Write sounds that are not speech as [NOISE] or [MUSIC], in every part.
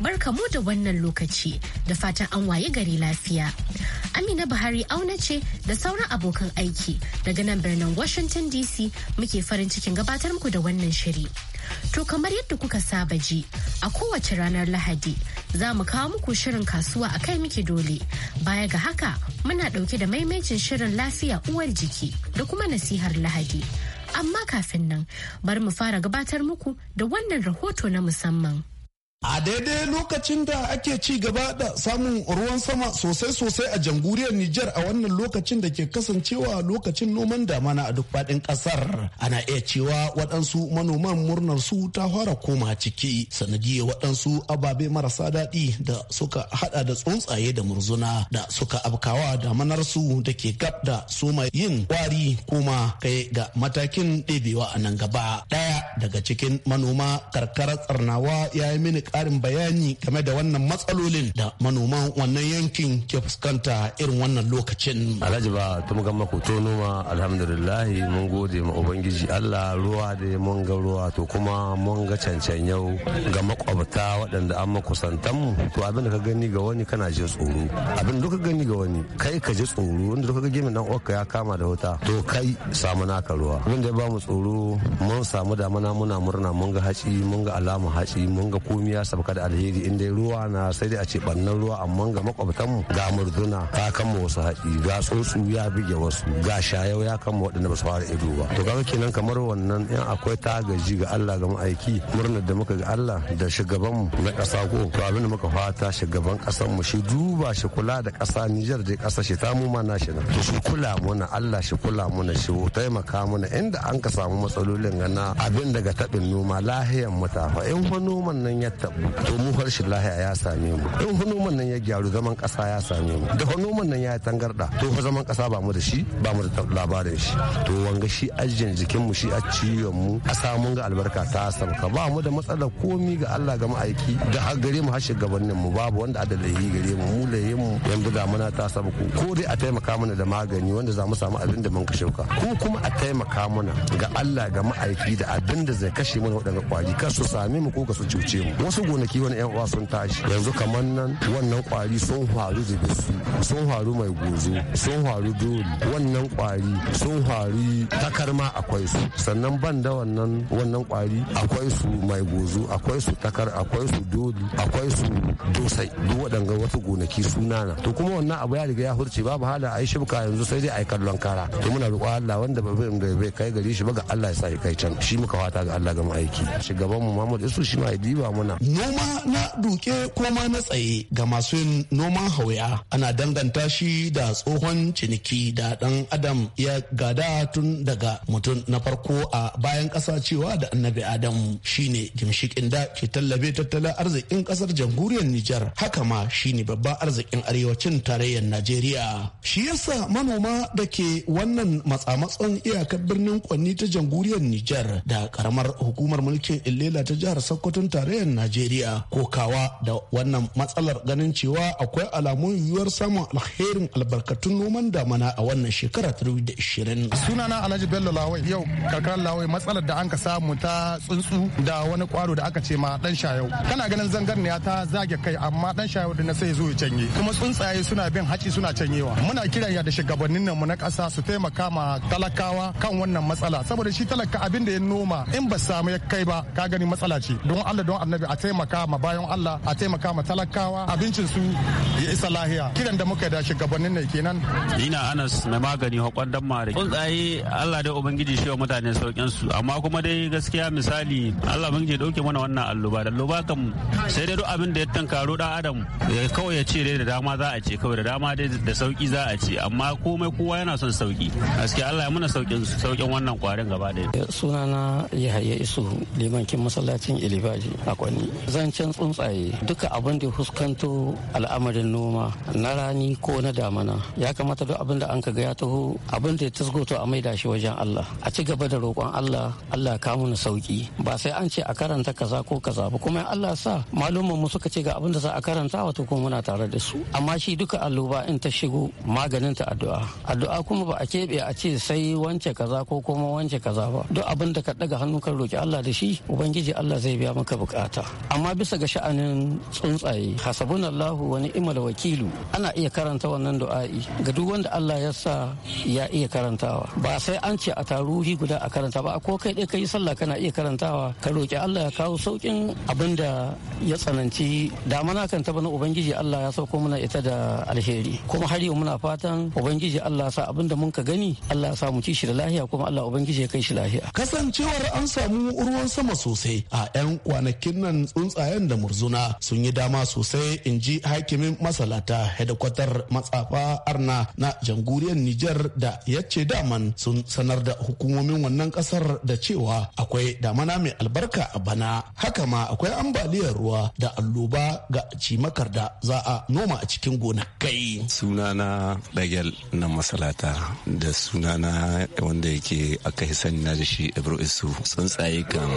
barka mu da wannan lokaci da fatan an waye gari lafiya. Amina Buhari auna ce da sauran abokan aiki daga nan birnin Washington DC muke farin cikin gabatar muku da wannan shiri. To kamar yadda kuka saba ji a kowace ranar Lahadi za mu kawo muku shirin kasuwa a kai muke dole. Baya ga haka muna ɗauke da maimacin shirin lafiya uwar jiki da kuma nasihar Lahadi. amma kafin nan bari mu fara gabatar muku da wannan rahoto na musamman. A daidai lokacin da ake ci gaba da samun ruwan sama sosai-sosai a jamhuriyar Nijar a wannan lokacin da ke kasancewa lokacin noman damana a duk faɗin ƙasar. Ana iya cewa waɗansu manoman murnar su ta fara koma ciki sanadiyar waɗansu ababe marasa daɗi da suka haɗa da tsuntsaye da murzuna da suka abkawa damanar su da ke gab da soma yin kwari kuma kai ga matakin ɗebewa a nan gaba. Ɗaya daga cikin manoma karkarar tsarnawa ya yi mini karin bayani game da wannan matsalolin da manoman wannan yankin ke fuskanta irin wannan lokacin. Alhaji ba ta muka makoto noma alhamdulillahi mun gode ma Ubangiji Allah ruwa da mun ga ruwa to kuma mun ga cancan yau ga makwabta waɗanda an makusantan mu to abin da ka gani ga wani kana jin tsoro abin da ka gani ga wani kai ka ji tsoro wanda ka ga gemin dan uwarka ya kama da wuta to kai samu naka ruwa abin da ya ba mu tsoro mun samu damana muna murna mun ga haci mun ga alama haci mun ga komiya ya sabka da alheri inda ruwa na sai dai a ce bannan ruwa amma ga mu ga murduna kan kama wasu haɗi ga ya bige wasu ga shayau ya kama waɗanda ba su fara ido ba to kaga kenan kamar wannan in akwai tagaji ga Allah ga ma'aiki murnar da muka ga Allah da mu na ƙasa ko to abin da muka fata shugaban ƙasar mu shi duba shi kula da ƙasa Nijar da ƙasa shi ta mu ma nashi na to shi kula muna Allah shi kula muna shi taimaka muna inda an ka samu matsalolin ga na abin daga taɓin noma lahiyan mu in fa noman nan ya da to mu harshen lahiya ya same mu in hunuman nan ya gyaru zaman kasa ya same mu da hunuman nan ya tangarda to fa zaman kasa ba mu da shi ba mu da labarin shi to wanga shi ajin jikin mu shi a ciwon mu a samun ga albarka ta Ka ba mu da matsalar komi ga Allah ga ma'aiki da har gare mu harshen gabanin mu babu wanda da lahi gare mu mu da mu yanzu da muna ta sabu ko dai a taimaka mana da magani wanda za mu samu abin da mun kashe ka ko kuma a taimaka mana ga Allah ga ma'aiki da abin da zai kashe mana waɗanda kwari kar su same mu ko ka su cuce mu wasu gonaki wani yan uwa sun tashi yanzu kamar nan wannan kwari sun faru da su sun faru mai gozo sun faru doli wannan kwari sun faru takarma akwai su sannan ban da wannan wannan kwari akwai su mai gozo akwai su takar akwai su doli akwai su dosai duk waɗanga wasu gonaki sunana to kuma wannan abu ya riga ya furce babu hala a yi shibka yanzu sai dai a yi kallon kara to muna roƙo Allah wanda bai kai gari shi ba ga Allah ya sa kai can shi muka fata ga Allah ga mu aiki shugaban mu Muhammad Isu shi ma ya diba muna noma na duke koma na tsaye ga masu yin noman hauya ana danganta shi da tsohon ciniki da dan adam ya gada tun daga mutum na farko a bayan ƙasa cewa da annabi adam shine gimshikin da ke tallabe tattalin arzikin ƙasar jamhuriyar nijar haka ma shine babban arzikin arewacin tarayyar najeriya shi yasa manoma da ke wannan matsamatsan iyakar birnin kwanni ta jamhuriyar nijar da karamar hukumar mulkin Ilela ta jihar sokoton tarayyar najeriya najeriya kokawa da wannan matsalar ganin cewa akwai alamun yiwuwar samun alherin albarkatun noman damana a wannan shekara ishirin. sunana alhaji bello lawai yau karkarar lawai matsalar da an ka samu ta tsuntsu da wani kwaro da aka ce ma dan shayau kana ganin zangarniya ta zage kai amma dan shayau na sai zo ya canye kuma tsuntsaye suna bin haci suna canyewa muna kiran ya da shugabannin nan mu na kasa su taimaka ma talakawa kan wannan matsala saboda shi talaka abin da ya noma in ba samu ya kai ba ka gani matsala ce don Allah don Annabi a taimaka ma bayan Allah a taimaka ma talakawa abincin su ya isa lahiya kiran da muka da shugabannin ne kenan ina Anas mai magani hakon dan mare tsuntsaye Allah da ubangiji shi wa mutane saukin su amma kuma dai gaskiya misali Allah je dauke mana wannan alluba da alluba kam sai dai duk abin da ya tankaro dan adam kawai ya ce dai da dama za a ce kawai da dama dai da sauki za a ce amma komai kowa yana son sauki gaskiya Allah ya muna saukin saukin wannan kwarin gaba daya sunana Yahaya Isu kin masallacin Ilibaji a Kwani zancen tsuntsaye duka abin da huskanto al'amarin noma na rani ko na damana ya kamata duk abin da an ka ga ya taho abin da ya tasgoto a maida shi wajen Allah a ci gaba da roƙon Allah Allah ka mu sauki ba sai an ce a karanta kaza ko kaza ba kuma Allah sa malumman mu suka ce ga abin da za a karanta wato ko muna tare da su amma shi duka alloba in ta shigo maganin ta addu'a addu'a kuma ba a keɓe a ce sai wance kaza ko kuma wance kaza ba duk abin da ka daga hannu kan roki Allah da shi ubangiji Allah zai biya maka bukata amma bisa ga sha'anin tsuntsaye hasabun allahu wani imala wakilu ana iya karanta wannan du'a'i ga duk wanda allah ya sa ya iya karantawa ba sai an ce a taruhi guda a karanta ba ko kai ka yi sallah kana iya karantawa ka roki allah ya kawo saukin abin da ya tsananci damana kan taba na ubangiji allah ya sauko mana ita da alheri kuma har yau muna fatan ubangiji allah ya sa abin da mun ka gani allah ya sa mu ci shi da lahiya kuma allah ubangiji ya kai shi lahiya kasancewar an samu ruwan sama sosai a 'yan kwanakin nan tsuntsayen da murzuna sun yi dama sosai in ji hakimin masalata hedikwatar matsafa arna na jamhuriyar nijar da ya ce daman sun sanar da hukumomin wannan kasar da cewa akwai damana mai albarka a bana haka ma akwai ambaliyar ruwa da alloba ga cimakar da za a noma a cikin gonakai sunana dagel na masalata da sunana wanda yake aka sani na da shi ibro isu tsuntsaye kan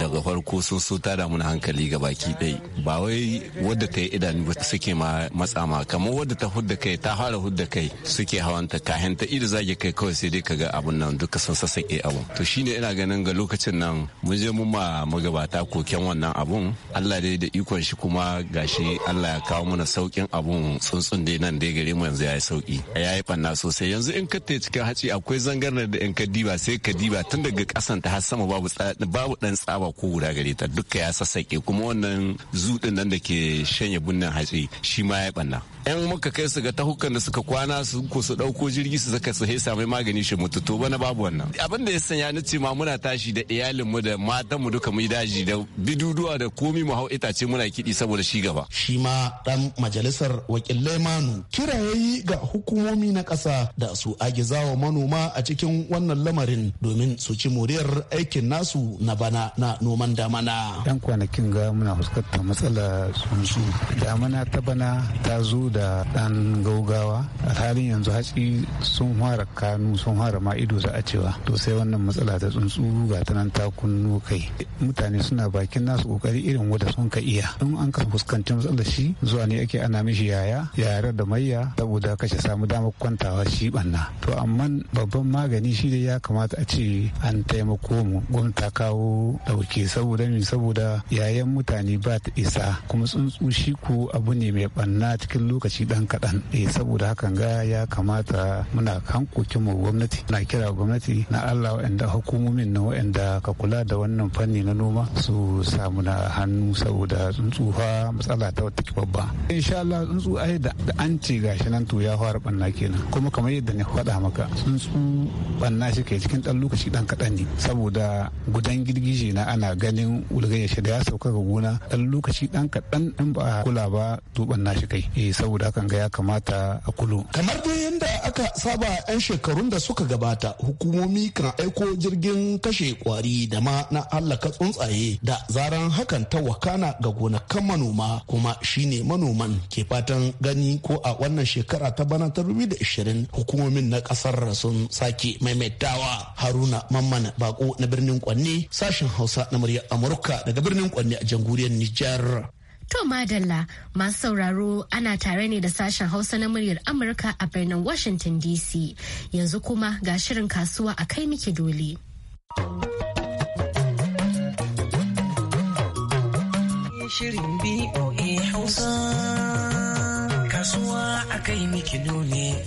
daga farko sun so ta mana hankali hankali ga baki ɗai ba wai wadda ta yi idanu ba suke ma matsa ma kamar wadda ta hudda kai ta fara hudda kai suke hawan hawanta kahin ta ido zage kai kawai sai dai kaga abun nan duka sun sassaƙe abun to shine ina ganin ga lokacin nan mun je mun ma magabata koken wannan abun Allah dai da ikon shi kuma gashi Allah ya kawo mana saukin abun tsuntsun dai nan dai gare mu yanzu ya yi sauki ya yi banna sosai yanzu in ka ta cikin haci akwai zangarnar da in ka diba sai ka diba tun daga kasan ta har sama babu babu dan tsaba ko guda gare ta duka ya sassaƙe kuma wannan zuɗin nan da ke shanye bunnan hatsi shi ma ya ɓanna yan muka kai su ga tahukan da suka kwana su ko su ɗauko jirgi su saka su haisa mai magani shi mutu to bana babu wannan abin da ya sanya ni ce ma muna tashi da iyalin mu da matan mu duka mu daji da biduduwa da komi mu hau itace muna kiɗi saboda shi gaba shi ma dan majalisar wakilai manu kira yayi ga hukumomi na ƙasa da su agizawa manoma a cikin wannan lamarin domin su ci moriyar aikin nasu na bana na noman damana. Yan kwanakin ga muna fuskantar matsala tsuntsu damana ta bana ta zo da dan gaugawa a halin yanzu hatsi sun fara kanu sun fara ma ido za a cewa to sai wannan matsala ta tsuntsu ga ta nan ta kunno kai mutane suna bakin nasu kokari irin wanda sun ka iya in an ka fuskanci matsalar shi zuwa ne ake ana mishi yaya yare da mayya saboda kashe samu damar kwantawa shi banna to amma babban magani shi da ya kamata a ce an taimako mu gwamnati ta kawo dauke saboda saboda yaya kayan mutane ba ta isa kuma tsuntsu shi ko abu ne mai banna cikin lokaci dan kaɗan eh saboda hakan ga ya kamata muna hankokin mu gwamnati na kira gwamnati na Allah wa'anda hukumomin na wa'anda ka kula da wannan fanni na noma su samu na hannu saboda tsuntsu fa matsala ta wata babba insha Allah tsuntsu ai da an ce gashi nan to ya fara banna kenan kuma kamar yadda ne faɗa maka tsuntsu banna shi kai cikin dan lokaci dan kaɗan ne saboda gudan girgije na ana ganin shi da ya sauka daga gona dan lokaci dan kaɗan dan ba kula ba tuban nashi kai eh saboda hakan ga ya kamata a kulu kamar dai yanda aka saba yan shekarun da suka gabata hukumomi kan aiko jirgin kashe kwari da ma na hallaka tsuntsaye da zaran hakan ta wakana ga gonakan manoma kuma shine manoman ke fatan gani ko a wannan shekara ta bana ta 2020 hukumomin na kasar sun sake maimaitawa haruna mamman bako na birnin kwanne sashen hausa na murya amurka daga birnin kwanne ne a jamhuriyar Nijar. To Madalla masu sauraro ana tare ne da sashen Hausa na muryar Amurka a birnin Washington DC. Yanzu kuma ga shirin kasuwa a kai miki dole. Shirin BOA Hausa Kasuwa a kai miki dole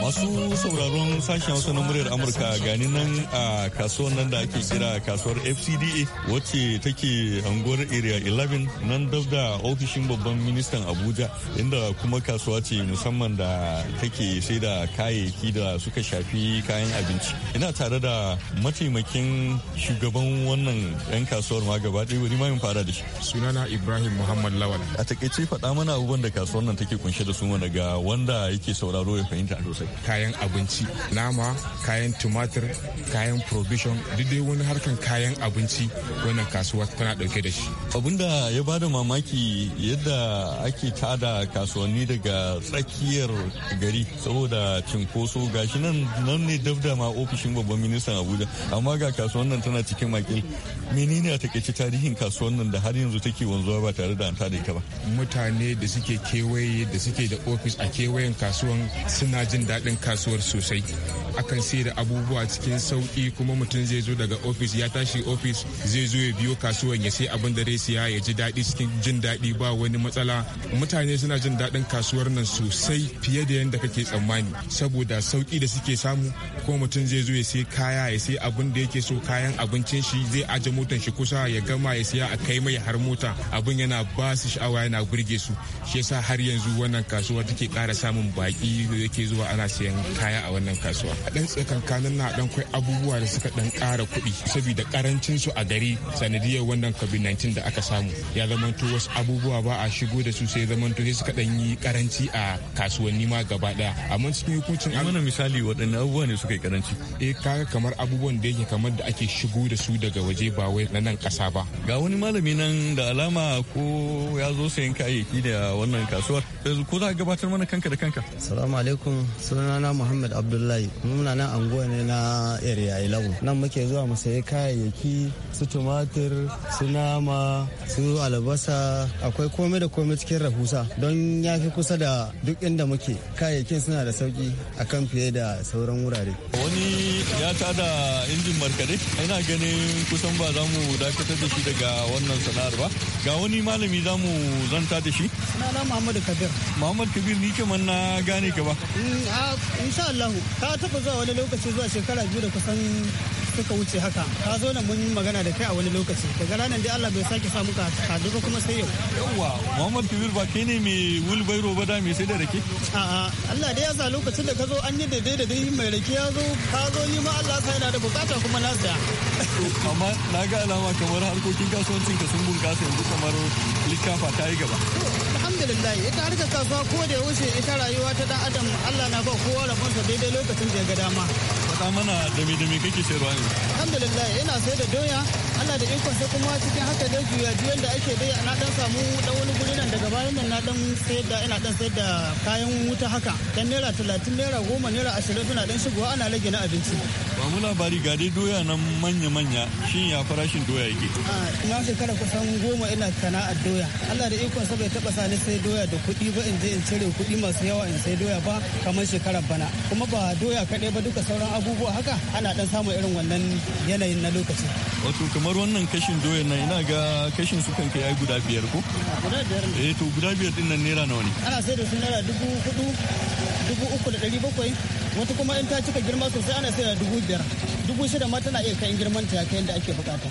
Masu sauraron sashen wasu na muryar Amurka gani nan a kasuwar nan da ake kira kasuwar FCDA wacce take anguwar Area 11 nan dab da ofishin babban ministan Abuja inda kuma kasuwa ce musamman da take sai da kayayyaki da suka shafi kayan abinci. Ina tare da mataimakin shugaban wannan 'yan kasuwar ma gaba ɗaya wani mamin fara da shi. Sunana Ibrahim Muhammad Lawal. A takaice faɗa mana abubuwan da kasuwar nan take kunshe da su ga wanda yake sauraro ya fahimta sosai. kayan abinci nama kayan tumatir kayan provision duk dai wani harkan kayan abinci wannan kasuwa tana dauke da shi abin da ya bada mamaki yadda ake tada kasuwanni daga tsakiyar gari saboda cinkoso gashi nan nan ne dabda ma ofishin babban ministan abuja amma ga kasuwan nan tana cikin makil menene a takaice tarihin kasuwan nan da har yanzu take wanzuwa ba tare da an tada ita ba mutane da suke kewaye da suke da ofis a kewayen kasuwan suna jin daɗi daɗin kasuwar sosai akan sai da abubuwa cikin sauƙi kuma mutum zai zo daga ofis ya tashi ofis zai zo ya biyo kasuwan ya sai abin da siya ya ji daɗi cikin jin daɗi ba wani matsala mutane suna jin daɗin kasuwar nan sosai fiye da yadda kake tsammani saboda sauƙi da suke samu ko mutum zai zo ya sai kaya ya sai abin da yake so kayan abincin shi zai aje motan shi kusa ya gama ya siya a kai mai har mota abin yana ba su sha'awa yana burge su shi yasa har yanzu wannan kasuwa take ƙara samun baƙi da yake zuwa ana siyan kaya a wannan kasuwa a dan tsakankanin na ɗan kwai abubuwa da suka ɗan ƙara kuɗi saboda karancin su a gari sanadiyar wannan covid 19 da aka samu ya zamanto wasu abubuwa ba a shigo da su sai zamanto sai suka ɗan yi karanci a kasuwanni ma gaba ɗaya amma cikin hukuncin an mana misali waɗanne abubuwa ne suka yi karanci eh kaga kamar abubuwan da yake kamar da ake shigo da su daga waje ba wai na nan ƙasa ba ga wani malami nan da alama ko ya zo sayan kayayyaki da wannan kasuwar ko za ka gabatar mana kanka da kanka assalamu alaikum sunana muhammad abdullahi muna nan anguwa ne na area 11 nan muke zuwa mu sayi kayayyaki su tumatir su nama su albasa akwai komai da komai cikin rahusa don ya fi kusa da duk inda muke kayayyakin suna da sauki akan fiye da sauran wurare wani ya tada injin markade ina ganin kusan ba za mu dakatar da shi daga wannan sana'ar ba ga wani malami za mu zanta da shi sunana muhammad kabir muhammad kabir ni kamar na gane ka ba mm, ah, insha Allah ta taba zuwa wani lokaci zuwa shekara biyu da kusan kuka wuce haka ka zo nan mun yi magana da kai a wani lokaci daga ranar dai Allah bai sake sa muka haɗu ba kuma sai yau yawwa Muhammad Kabir ba kai ne mai wulbairo ba da me sai da rake a'a Allah dai ya sa lokacin da ka zo an yi daidai da dai mai rake ya zo ka zo ni ma Allah sai yana da bukata kuma na saya amma na ga alama kamar harkokin kasuwancin ka sun bunkasa yanzu kamar likafa ta yi gaba alhamdulillah ita harkar kasuwa ko da yaushe ita rayuwa ta dan adam Allah na ba kowa rabonsa daidai lokacin da ya ga dama faɗa mana da me da kake sayarwa ne alhamdulillah ina sai da doya Allah da ikon sai kuma cikin haka da juya juyan da ake dai na dan samu dan wani guri nan daga bayan nan na dan sayar da ina dan sayar da kayan wuta haka dan naira 30 naira goma naira ashirin suna dan shigowa ana rage na abinci samu labari ga dai doya nan manya-manya shin ya farashin doya yake? Na shekara kusan goma ina sana'ar doya. Allah da ikon sabai bai taba sani sai doya da kuɗi ba in je in cire kuɗi masu yawa in sai doya ba kamar shekarar bana. Kuma ba doya kaɗai ba duka sauran abubuwa haka ana ɗan samun irin wannan yanayin na lokaci. Wato kamar wannan kashin doya na ina ga kashin su kanka yayi guda biyar ko? Guda biyar. Eh to guda biyar din nan naira nawa ne? Ana sai da su naira dubu hudu, dubu uku da dari bakwai, wata kuma in ta cika girma sosai ana sayar da dubu biyar dubu shida ma tana iya kayan girman ta ya da ake bukata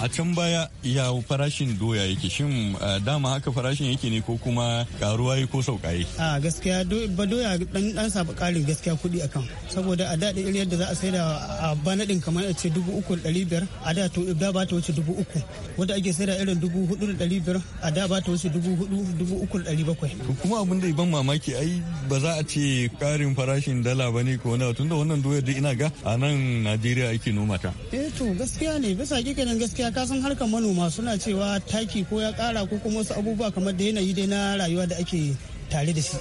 a can baya ya farashin doya yake shin eh, dama haka farashin yake ne ko kuma karuwa yi ko saukaye a gaskiya ba doya dan dan sabu karin gaskiya kuɗi akan saboda a daɗin irin yadda za a saida a bana din kamar a ce dubu uku da biyar a da to da ba ta wuce dubu uku wanda ake saida irin dubu hudu da biyar a da ba ta wuce dubu hudu dubu uku da bakwai kuma abin da ban mamaki ai ba za a ce karin farashin dala ba ne ko na tunda wannan doyar da ina ga a nan Najeriya ake noma ta eh to gaskiya ne bisa nan gaskiya gaskiya ka san harkar manoma suna cewa taki ko ya kara ko kuma wasu abubuwa kamar da yanayi dai na rayuwa da ake tare da shi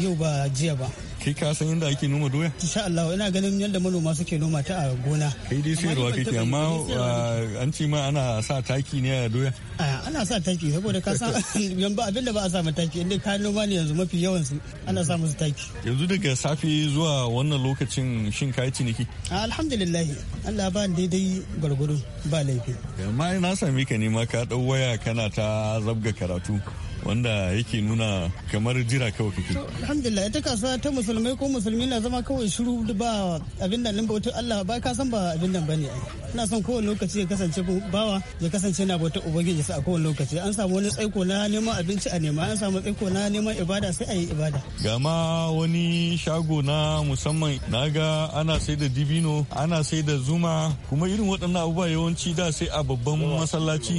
yau ba jiya ba Kai ka san yadda ake noma doya? Insha Allah ina ganin yadda manoma suke noma ta a gona. Kai dai sayarwa kake amma uh, an ce ma ana sa taki ne a doya? Ana sa taki saboda ka san [LAUGHS] abinda ba a sa taki inda ka noma ne yanzu mafi yawan su ana sa musu taki. Yanzu daga safe zuwa wannan lokacin shin kai ciniki? Alhamdulillah Allah ba daidai gargudu ba laifi. Amma na sami ka ne ma ka dau waya kana ta zabga karatu. wanda yake nuna kamar jira kawai kake alhamdulillah ita kasuwa ta musulmai ko musulmi na zama kawai shiru ba abin nan bautar Allah ba ka san ba abin nan bane ina son kowane lokaci ya kasance bawa ya kasance na bautar ubangiji sa a kowane lokaci an samu wani tsaiko na neman abinci a nema an samu tsaiko na neman ibada sai a yi ibada ga ma wani shago na musamman naga ana sai da dibino ana sai da zuma kuma irin waɗannan abubuwa yawanci da sai a babban masallaci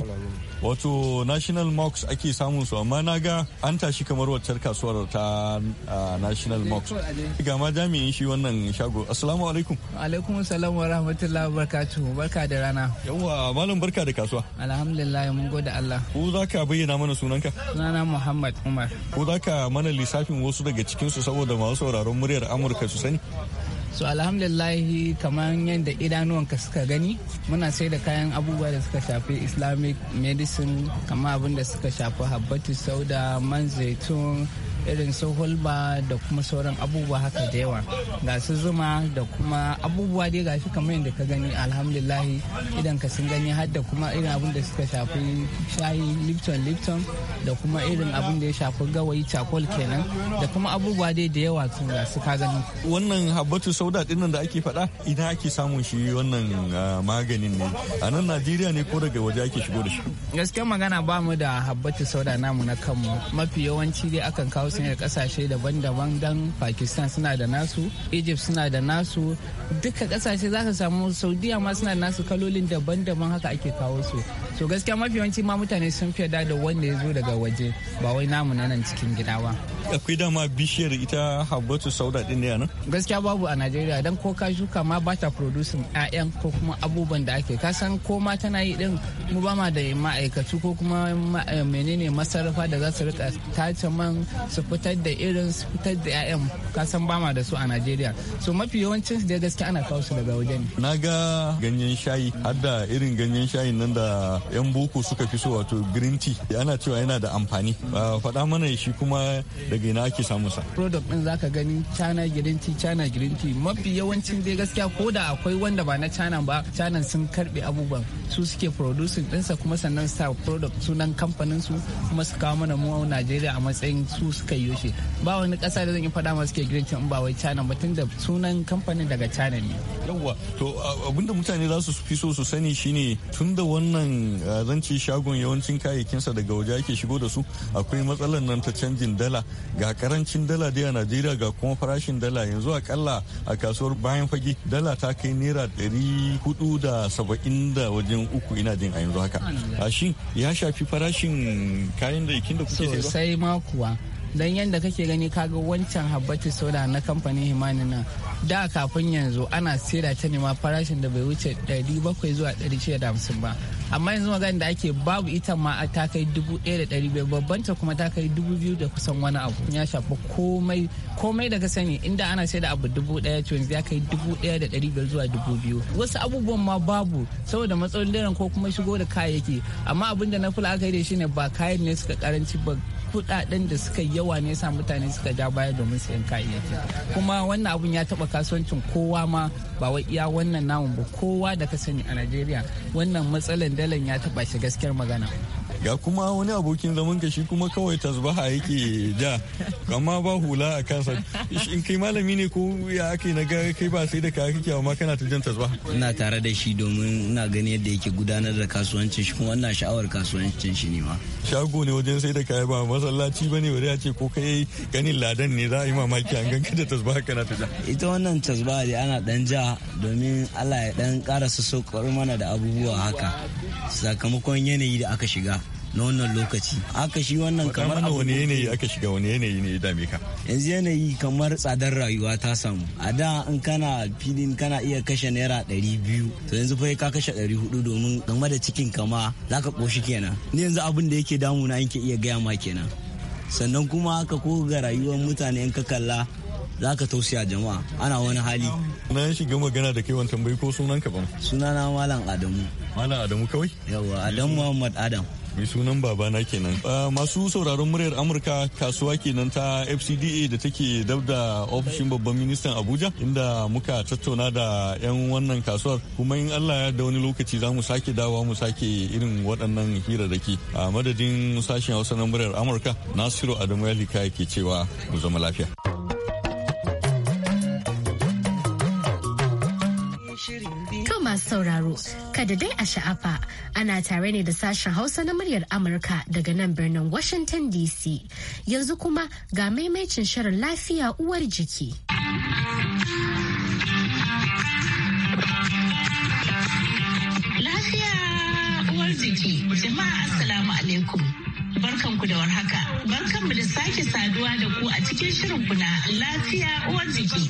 wato national mox ake samun su amma na ga an tashi kamar waccar kasuwar ta national eh, mox ga ma jami'in shi wannan shago assalamu alaikum alaikum salam wa rahmatullahi wa barka da rana yawa malam barka da kasuwa alhamdulillah mun gode Allah ko za ka bayyana mana sunanka sunana muhammad umar ko za ka mana lissafin wasu daga cikin su saboda masu sauraron muryar amurka su sani so alhamdulillahi kamar yadda idanuwanka suka gani muna sai da kayan abubuwa da suka shafi islamic medicine kamar abin da suka shafi habbatu sauda man zaitun irin su hulba da kuma sauran abubuwa haka da yawa ga su zuma da kuma abubuwa dai gashi kamar yadda ka gani alhamdulillahi idan ka sun gani har da kuma irin abin da suka shafi shayi lipton lipton da kuma irin abin da ya shafi gawayi cakol kenan da kuma abubuwa dai da yawa tun ga su ka gani wannan habbatu sauda dinnan da ake faɗa idan ake samun shi wannan ah, maganin ne a nan najeriya ne ko daga waje ake shigo da shi gaskiya magana ba mu da habbatu sauda namu na kanmu mafi yawanci dai akan kawo sun yi kasashe daban-daban dan pakistan suna da nasu egypt suna da nasu duka kasashe za ka samu saudiya ma suna da nasu kalolin daban-daban haka ake kawo su so gaskiya mafi yawanci ma mutane sun fi da wanda ya zo daga waje ba wai namu na nan cikin gida ba akwai dama bishiyar ita habbatu sauda din ne nan gaskiya babu a najeriya dan ko ka shuka ma ba ta producing 'ya'yan ko kuma abubuwan da ake ka san ko ma tana yi din mu ba ma da ma'aikatu ko kuma eh, menene masarrafa da za su rika tace man su fitar da irin su fitar da 'ya'yan kasan ba da su a najeriya so mafi yawancin su da gaskiya ana kawo su daga wajen na ga ganyen shayi har da irin ganyen shayi nan da 'yan boko suka fi so wato green tea ana cewa yana da amfani faɗa mana shi kuma daga ina ake samun sa product din zaka gani china green tea china green tea mafi yawancin dai gaskiya ko da akwai wanda ba na china ba china sun karbe abubuwan su suke producing dinsa kuma sannan sa product sunan kamfanin su kuma su kawo mana mu Najeriya a matsayin su suka suka yi shi ba wani kasa da zan yi fada masu ke girkin in ba wai China ba tun da sunan kamfanin daga China ne. Yawwa to abinda mutane za su fi so su sani shine tun da wannan zance shagon yawancin kayayyakinsa daga waje ake shigo da su akwai matsalar nan ta canjin dala ga karancin dala dai a Najeriya ga kuma farashin dala yanzu akalla a kasuwar bayan fage dala ta kai naira ɗari hudu da saba'in da wajen uku ina jin a yanzu haka. A shi ya shafi farashin kayan da da kuke sai ma kuwa don yadda kake gani kaga wancan habbatu soda na kamfanin himani nan da kafin yanzu ana saida ta nema ma farashin da bai wuce 700 zuwa 650 ba amma yanzu magana da ake babu ita ma a ta kai 1,500 babban ta kuma ta kai 2,000 da kusan wani abu ya shafi komai komai da ka sani inda ana saida abu 1,000 to ya kai 1,500 zuwa 2,000 wasu abubuwan ma babu saboda matsalolin ko kuma shigo da kayayyaki amma abin da na aka yi da shi ne ba kayan ne suka karanci ba kudaden da suka yi yawa ne sa mutane suka ja baya domin sayan kayayyaki kuma wannan abun ya taba kasuwancin kowa ma ba wai iya wannan namun ba kowa da ka sani a najeriya wannan matsalan dalan ya taba shi gaskiyar magana ga kuma wani abokin zaman ka shi kuma kawai tasbaha yake ja amma ba hula a kansa in kai malami ne ko ya ake na ga kai ba sai da ka kake amma kana ta jan tasbaha ina tare da shi domin ina gani yadda yake gudanar da kasuwancin shi kuma ina sha'awar kasuwancin shi ne ma shago ne wajen sai da kaya ba masallaci bane wuri a ce ko kai ganin ladan ne za a yi mamaki an ganka da tasbaha kana ta ja ita wannan tasbaha dai ana dan ja domin Allah ya dan karasa sokar mana da abubuwa haka sakamakon yanayi da aka shiga na wannan lokaci aka shi wannan kamar abu wani yanayi aka shiga wani yanayi ne ya dame ka yanzu yanayi kamar tsadar rayuwa ta samu a da in kana filin kana iya kashe naira ɗari biyu to yanzu fa ka kashe ɗari hudu domin game da cikin kama zaka koshi kenan ni yanzu abin da yake damuna in ke iya gaya ma kenan sannan kuma haka ko ga rayuwar mutane in ka kalla za ka tausiya jama'a ana wani hali. Na shiga magana da kewan tambayi ko sunan ka ban. Sunana Malam Adamu. Malam Adamu kawai? Yawwa Adamu Muhammad Adam. mai sunan babana kenan masu sauraron muryar amurka kasuwa kenan ta fcda da take dab da ofishin babban ministan abuja inda muka tattauna da 'yan wannan kasuwar kuma in allah ya da wani lokaci za mu sake dawa mu sake irin waɗannan hira ke a madadin sashen hausa na muryar amurka nasiru adamu yalika ke cewa mu zama lafiya. sauraro, kada dai a sha'afa ana tare ne da sashen Hausa na muryar Amurka daga nan birnin Washington DC. Yanzu kuma ga maimacin shirin lafiya uwar jiki. Lafiya uwar jiki, barkanku da warhaka. Barkanmu da sake saduwa da ku a cikin shirin kuna lafiya uwar jiki.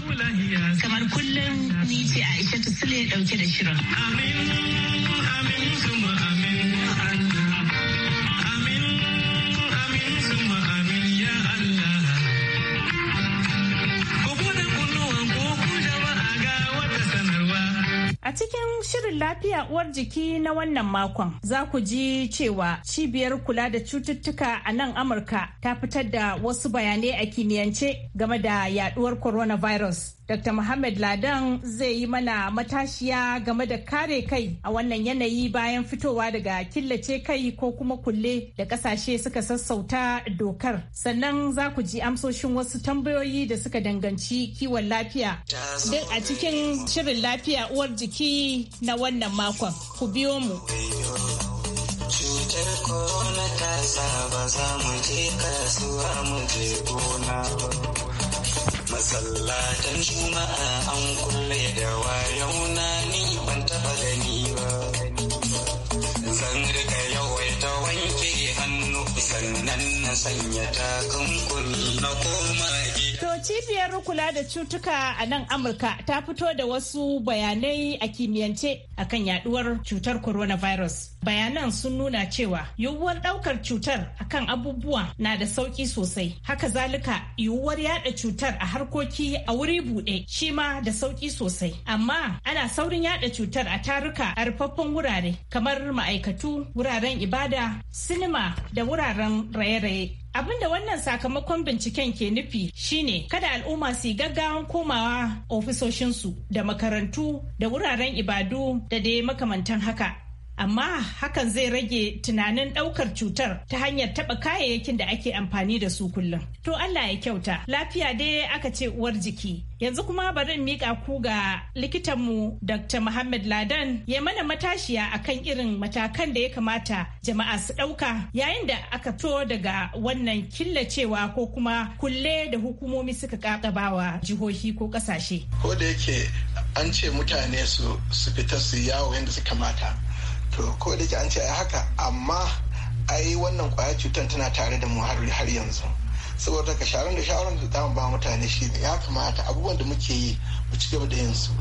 Kamar kullum ni ce Aisha Tusule dauke da shirin. Amin, amin, amin. cikin shirin lafiya uwar jiki na wannan makon za ku ji cewa cibiyar kula da cututtuka a nan Amurka ta fitar da wasu bayanai a kimiyance game da yaduwar coronavirus. Dr. Muhammad Ladan zai yi mana matashiya game da kare kai a wannan yanayi bayan fitowa daga killace kai ko kuma kulle da kasashe suka sassauta dokar. Sannan za ku ji amsoshin wasu tambayoyi da suka danganci kiwon lafiya. Duk a cikin shirin lafiya uwar jiki na wannan makon. Ku biyo mu. Cutar ta za mu je kasuwa mu je gona. sallatan juma'a an kulle da wayau na ni ban taba gani ba. Zan rika ta wanke hannu sannan na sanya takunkumi na koma gida. cibiyar kula da cutuka a nan Amurka ta fito da wasu bayanai a kimiyyance akan yaduwar cutar coronavirus. Bayanan sun nuna cewa yiwuwar daukar cutar akan abubuwa na da sauki sosai. Haka zalika yiwuwar yada cutar a harkoki a wuri buɗe shi ma da sauki sosai. Amma ana saurin yada cutar a taruka a rufaffen wurare kamar ma'aikatu, wuraren ibada, sinima da wuraren raye-raye. Abin da wannan sakamakon binciken ke nufi shine kada al'umma su yi gaggawan komawa ofisoshinsu da makarantu da wuraren ibadu da dai makamantan haka amma hakan zai rage tunanin ɗaukar cutar ta hanyar taɓa kayayyakin da ake amfani da su kullum. To Allah ya kyauta, lafiya dai aka ce uwar jiki. Yanzu kuma bari in miƙa ku ga likitanmu Dr. Muhammad Ladan ya mana matashiya akan irin matakan da ya kamata jama'a su ɗauka yayin da aka to daga wannan killacewa ko kuma kulle da hukumomi suka ƙaƙabawa jihohi ko ƙasashe. Ko da yake an ce mutane su fita su yawo yadda su kamata. to ko da ke an ce ai haka amma ai wannan kwaya cutar tana tare da mu har yanzu saboda ka sharon da shawaran da zamu ba mutane shi ya kamata abubuwan da muke yi mu ci gaba da yin su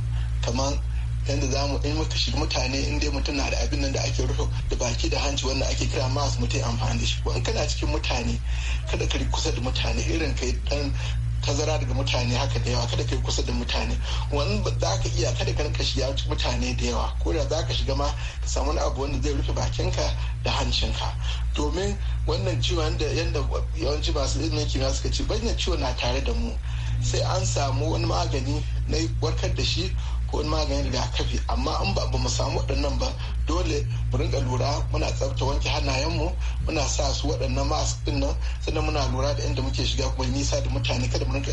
kamar yadda za mu in muka shiga mutane in dai mutum na da abin nan da ake rufe da baki da hanci wanda ake kira masu mutum amfani da shi ko in kana cikin mutane kada ka kusa da mutane irin kai dan tazara daga mutane haka da yawa kada kai kusa da mutane wani za ka iya kada ka rinka shiga mutane da yawa ko da za ka shiga ma ka samu wani abu wanda zai rufe bakinka da hancinka domin wannan ciwon da yadda yawanci masu ilimin kimiyya suka ce bayyana ciwo na tare da mu sai an samu wani magani na warkar da shi ko wani maganin rigakafi amma in ba mu samu waɗannan ba dole mu rinka lura muna tsafta wanke hannayenmu muna sa su waɗannan mask din nan sannan muna lura da inda muke shiga kuma nisa da mutane kada mu rinka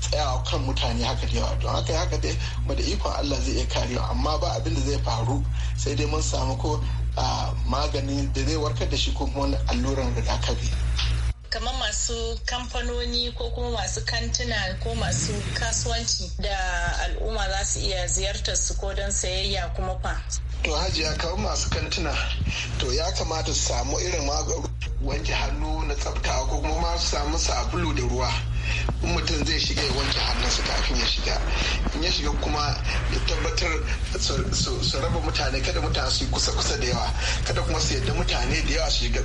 tsayawa kan mutane haka da yawa don haka haka dai kuma da ikon Allah zai iya karewa amma ba abin da zai faru sai dai mun samu ko ah, magani da zai warkar da shi ko kuma alluran rigakafi. kamar masu kamfanoni ko kuma masu kantuna ko masu kasuwanci da al'umma za su iya ziyartar su ko don sayayya kuma fa. To hajiya kamar masu kantuna to ya kamata su samu irin wanke hannu na tsafta ko kuma ma su samu sabulu da ruwa. in mutum zai shiga ya wanke hannunsa kafin ya shiga in ya shiga kuma ya tabbatar su raba mutane kada mutane su yi kusa-kusa da yawa kada kuma su yadda mutane da yawa su shiga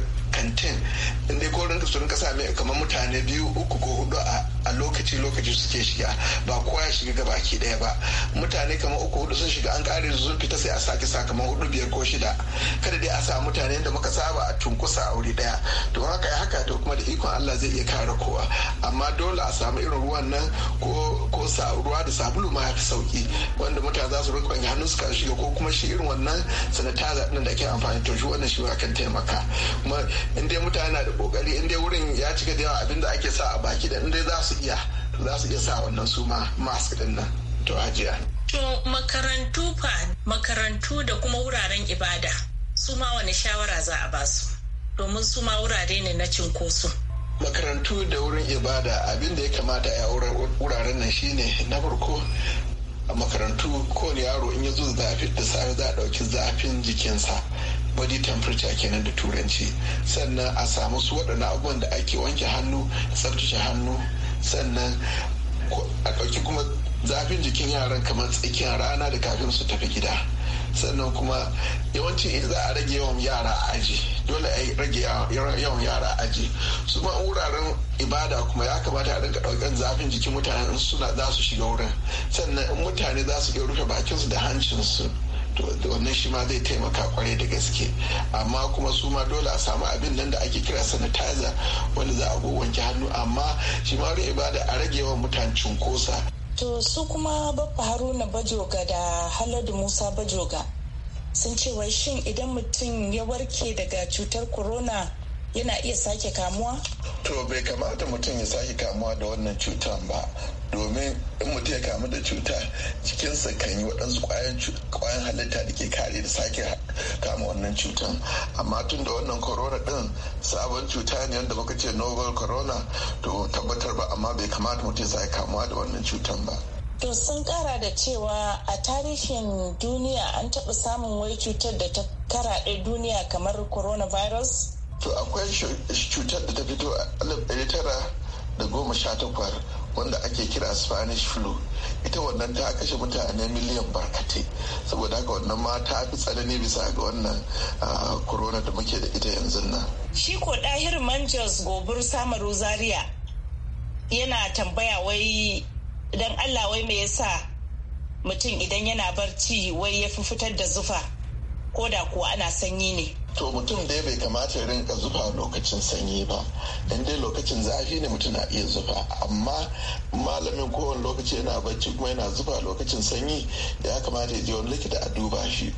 19 inda ko rinka su rinka sami kamar mutane biyu uku ko hudu a a lokaci lokaci suke shiga ba kowa ya shiga gaba ke daya ba mutane kamar uku hudu sun shiga an kare su sun fita sai a sake sakamakon hudu biyar ko shida kada dai a sa mutane da muka saba a tunkusa a wuri daya to haka ya haka to kuma da ikon Allah zai iya kare kowa amma dole a samu irin ruwan nan ko ko ruwa da sabulu ma ya fi sauki wanda mutane za su rinka hannun su shiga ko kuma shi irin wannan sanitizer din da ake amfani to shi wannan shi ma kan taimaka kuma in dai mutane na da kokari in dai wurin ya cika da yawa abinda ake sa a baki da in dai za su su iya za su iya sa wannan su ma mask din nan to hajiya. To makarantu fa makarantu da kuma wuraren ibada su ma wani shawara za a basu domin su ma wurare ne na cinkoso. Makarantu da wurin ibada abin da ya kamata a wuraren nan shine na farko a makarantu kowane yaro in ya zo zafi da safe za a ɗauki zafin jikinsa body temperature kenan da turanci sannan a samu su waɗannan abubuwan da ake wanke hannu tsabtace hannu sannan a ɗauki kuma zafin jikin yaran kamar tsakiyar rana da kafin su tafi gida sannan kuma yawancin in za a rage yawan yara a aji dole a rage yawan yara a aji su ma wuraren ibada kuma ya kamata a rinka ɗaukan zafin jikin mutane in suna za su shiga wurin sannan in mutane za su iya rufe bakinsu da hancinsu wannan shi ma zai taimaka kwarai da gaske amma kuma su ma dole a samu abin nan da ake kira sanitizer wanda za a wanke hannu amma shi ma ibada a rage yawan mutane cunkosa to su kuma babba haruna bajoga da haladu musa bajoga sun ce wai shin idan mutum ya warke daga cutar corona yana iya sake kamuwa? To bai kamata mutum ya sake kamuwa da wannan cutan ba domin in mutum ya kamu da cuta cikinsa kan yi waɗansu ƙwayan halitta da ke kare da sake kama wannan cutan amma tun da wannan corona din sabon cuta ne wanda muka ce novel corona to tabbatar ba amma bai kamata mutum ya sake kamuwa da wannan cutar ba. To sun kara da cewa a tarihin duniya an taɓa samun wai cutar da ta karaɗe duniya kamar coronavirus? to akwai cutar da ta fito a 1918 tara da goma sha wanda ake kira spanish flu ita wannan ta kashe mutane miliyan barkate saboda haka wannan ma ta fi tsanani bisa ga wannan corona da muke da ita yanzu nan shi ko ɗahir manjas gobir samaru zaria yana tambaya wai don allah wai me yasa mutum idan yana barci wai ya fi fitar da zufa ko da kuwa ana sanyi ne to mutum dai bai kamata ya rinka zufa lokacin sanyi ba in dai lokacin zafi ne mutum na iya zufa amma malamin kowane lokaci yana bacci kuma yana zufa lokacin sanyi ya kamata ya je wani likita a duba shi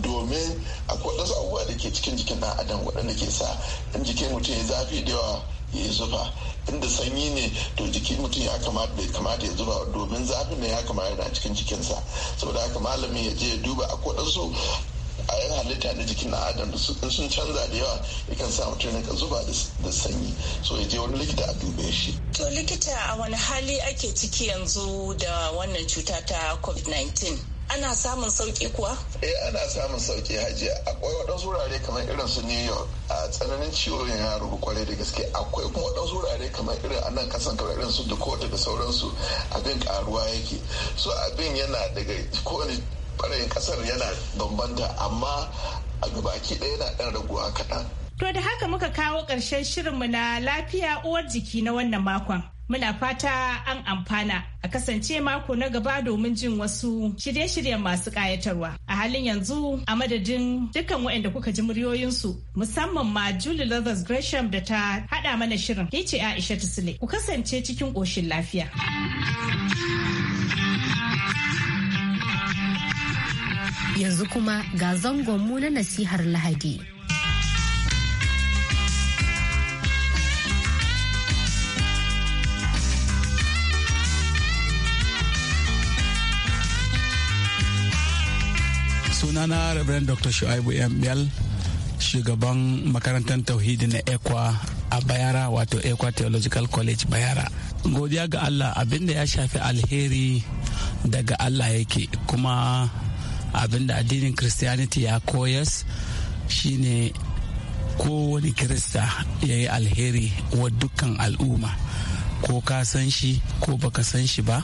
domin akwai wasu abubuwa da ke cikin jikin ɗan adam waɗanda ke sa in jikin mutum ya zafi da yawa ya zufa inda sanyi ne to jikin mutum ya kamata bai kamata ya zufa domin zafin ne ya kamata yana cikin jikinsa saboda haka malamin ya je ya duba a wasu a yan halitta na jikin na adam da sun canza da yawa yakan sa mutum ya zuba da sanyi so ya je wani likita a dube shi. to likita a wani hali ake ciki yanzu da wannan cuta ta covid-19 ana samun sauki kuwa? eh ana samun sauki hajiya akwai waɗansu wurare kamar irin su new york a tsananin ciwon ya rubu kwarai da gaske akwai kuma waɗansu wurare kamar irin a nan kasan kamar irin su dakota da sauransu abin karuwa yake so abin yana daga kowane ɓarayin kasar yana bambanta amma a gabaki ɗaya yana ɗan raguwa kaɗan. To da haka muka kawo ƙarshen mu na lafiya uwar jiki na wannan makon. Muna fata an amfana a kasance mako na gaba domin jin wasu shirye-shiryen masu ƙayatarwa. A halin yanzu a madadin dukkan waɗanda kuka ji muryoyinsu musamman ma Julie Lovers Gresham da ta haɗa mana shirin. Ni ce Aisha Sule. Ku kasance cikin ƙoshin lafiya. Yanzu kuma ga zangonmu na nasihar Lahadi. sunana Reverend Dr. Shu'aibu MBL shugaban makarantar tauhidi na ekwa a bayara wato ekwa theological college bayara godiya ga allah abinda ya shafi alheri daga allah yake kuma abin da addinin christianity ya koyas shine kowane kirista ya yi alheri wa dukkan al'umma ko ka san shi ko baka san shi ba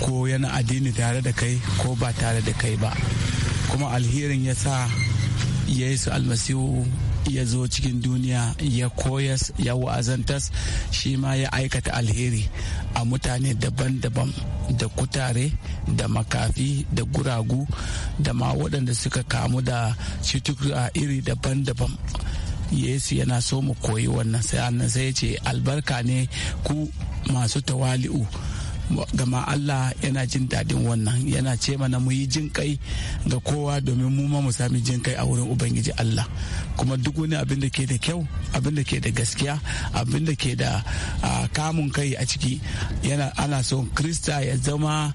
ko yana addini tare da kai ko ba tare da kai ba kuma alherin ya sa yesu almasihu ya zo cikin duniya ya koyas ya wa'azantas shi ma ya aikata alheri a mutane daban-daban da kutare da makafi da guragu da ma waɗanda suka kamu da cutuka iri daban-daban yesu yana so mu koyi wannan sai ya ce albarka ne ku masu tawali'u gama Allah yana jin daɗin wannan yana ce mana mu yi jin kai ga kowa domin mu ma mu sami jin kai a wurin ubangiji Allah kuma duk wani abin da ke da kyau abin da ke da gaskiya abin da ke da kamun kai a ciki yana ana son krista ya zama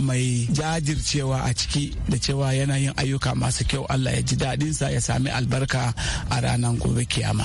mai jajircewa a ciki da cewa yana yin ayyuka masu kyau Allah ya ji daɗinsa ya sami albarka a ranar gobe kiyama.